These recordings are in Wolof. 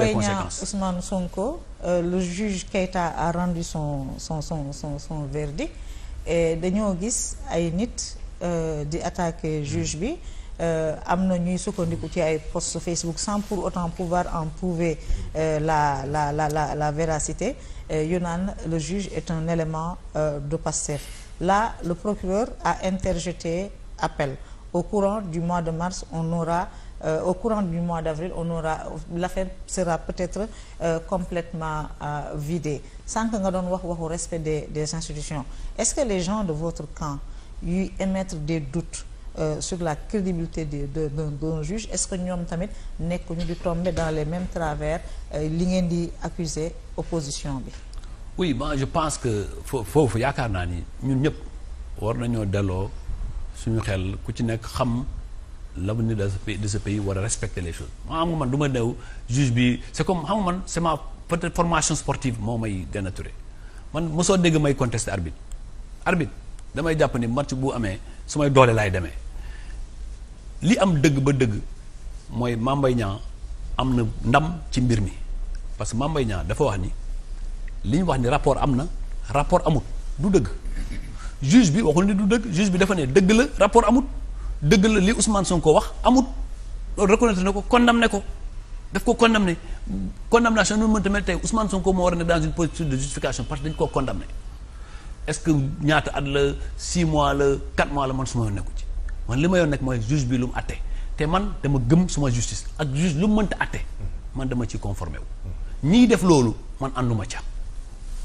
les conséquences Ousmane Sonko euh, le juge Keita a rendu son son son son son verdict et dañoo gis ay nit euh, di attaquer juge bi euh, am na ñuy sukkandiku ci ay posts Facebook sans pour autant pouvoir euh, la la la la la véracité yu naan le juge est un élément de Pastef là le procureur a interjeté appel. au courant du mois de mars on aura euh, au courant du mois d'avril on aura l'affaire sera peut-être euh, complètement euh, vidée sànq nga doon wax waxu respect des des institutions est-ce que les gens de votre camp yu émettre des doutes euh, sur la crédibilité de de d'un juge est-ce que ñoom tamit ñu di tomber dans les mêmes travers euh, li ngeen di accuser opposition bi. oui moi je pense que foofu yaakaar naa ni ñun ñëpp war nañoo delloo. suñu xel ku ci nekk xam la de ce de ce pays war a respecter les choses maa xam nga man du new juge bi c'est comme xam nga man c'est ma peut-être formation sportive moo may dénaturé man mosoo dégg may contester arbitre arbitre damay jàpp ni match bu amee su may doole laay demee li am dëgg ba dëgg mooy Mame Mbaye am na ndam ci mbir mi parce que Mame dafa wax ni li ñu wax ni rapport am na rapport amut du dëgg juge bi waxul ni du dëgg juge bi dafa ne dëgg la rapport amut dëgg la li usman Ousmane Sonko wax amut loolu reconnaître na ko condamné ko daf ko condamné condamnation nu mu mënta mel tey Ousmane Sonko moo war a ne dans une posture de justification parce que dañu koo condamné ce que ñaata at la 6 mois la 4 mois la man su ma yoon nekku ci man li ma yoon nekk mooy juge bi lu mu atte te man dama gëm suma justice ak juge lu mu mënta atte man dama ci conformé wu ñiy def loolu man ànduma ca.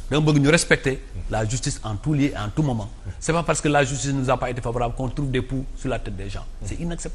dama bëgg ñu respecter la justice en tout lieu et en tout moment c'est pas parce que la justice ne nous a pas été favorable qu'on trouve des poux sur la tête des gens c'est inacceptable